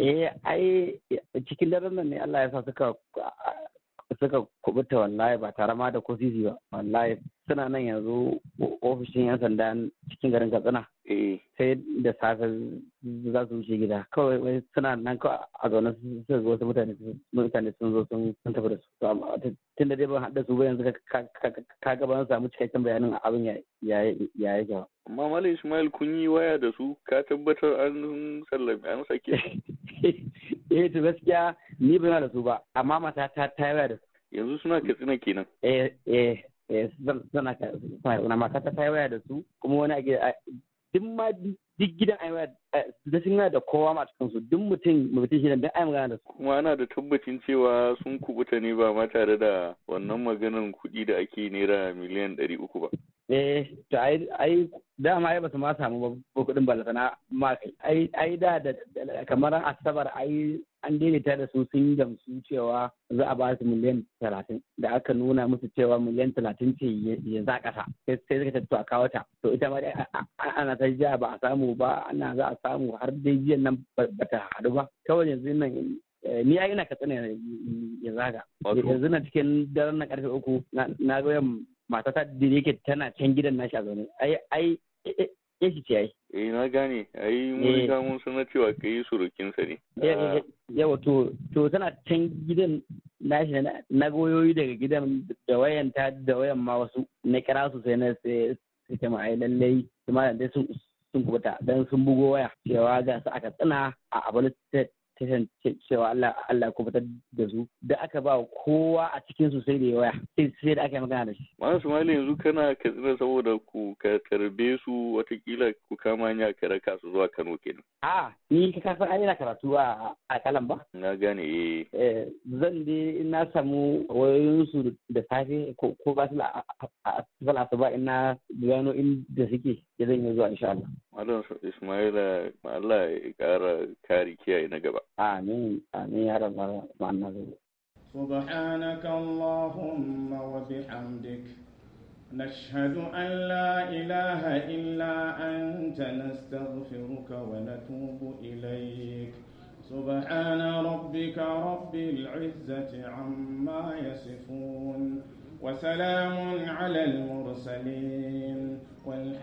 eh ai cikin daren nan ne Allah ya sa suka suka kubuta wallahi ba tare ma da kosisi ba wallahi suna nan yanzu ofishin yan sanda cikin garin katsina eh. sai da safe za su wuce gida kawai suna nan kawai a zaune su zo wasu mutane mutane sun zo sun tafi da su Tunda dai ban haɗa su ba yanzu ka ga ban samu cikakken bayanin abin ya ya ya amma malam ismail kun yi waya da su ka tabbatar an sallame an sake eh to gaskiya ni ba da su ba amma mata ta ta yi da su yanzu suna katsina kenan eh eh eh suna katsina mata ta ta yawa da su kuma wani a gida duk ma duk gidan aiwa da sun da kowa ma cikin su duk mutum mutum shi da ai magana da su kuma ana da tabbacin cewa sun kubuta ne ba ma tare da wannan maganan kuɗi da ake naira miliyan ɗari uku ba eh to ai, ai dama ya basu ma samu ba kuɗin ballatana ma kai ai da kamar asabar ai an daidaita da su sun gamsu cewa za a ba su miliyan talatin da aka nuna musu cewa miliyan talatin ce ya za ƙasa sai suka tattu a kawata. to ita ma ana ta jiya ba a samu ba ana za a samu har dai jiya nan ba ta haɗu ba kawai yanzu nan eh, ni ai ina katsina ya zaga yanzu na cikin daren na karfe uku na ga matata da yake tana can gidan nashi a zaune ai ai ya eh, eh, eh, shi ce eh na gane ai mun ga mun sanar cewa kai surukin sa ne yawa ah. to to tana can gidan nashi na goyoyi daga gidan da wayan ta da wayan ma wasu na kira su sai na sai suke ma'ai lallai su da dai sun kubuta don sun bugo waya cewa ga su aka tsina a abin tashan cewa Allah Allah kubutar da su da aka ba kowa a cikin su sai da waya sai da aka yi magana da shi Malam Sumaili yanzu kana katsina saboda ku ka tarbe su watakila ku kama ni kare ka su zuwa Kano kenan a ni ka kasa an na karatu a kalan ba na gane eh, eh zan je ina samu wayoyin su da safe ko ba su la asuba in na gano inda suke zai yi zuwa insha Allah. Malam Ismaila Allah كار ƙara kari kiyaye آمين gaba. Amin amin ya سبحانك اللهم وبحمدك نشهد أن لا إله إلا أنت نستغفرك ونتوب إليك سبحان ربك رب العزة عما يصفون وسلام على المرسلين والحمد